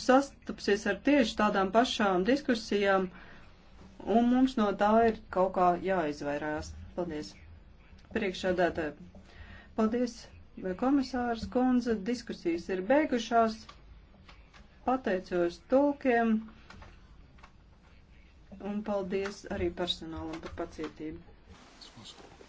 sastapsies ar tieši tādām pašām diskusijām, un mums no tā ir kaut kā jāizvairās. Paldies. Priekšādētāji. Paldies, komisārs kundze. Diskusijas ir beigušās. Pateicos tulkiem. Un paldies arī personālam par pacietību. Smaskot.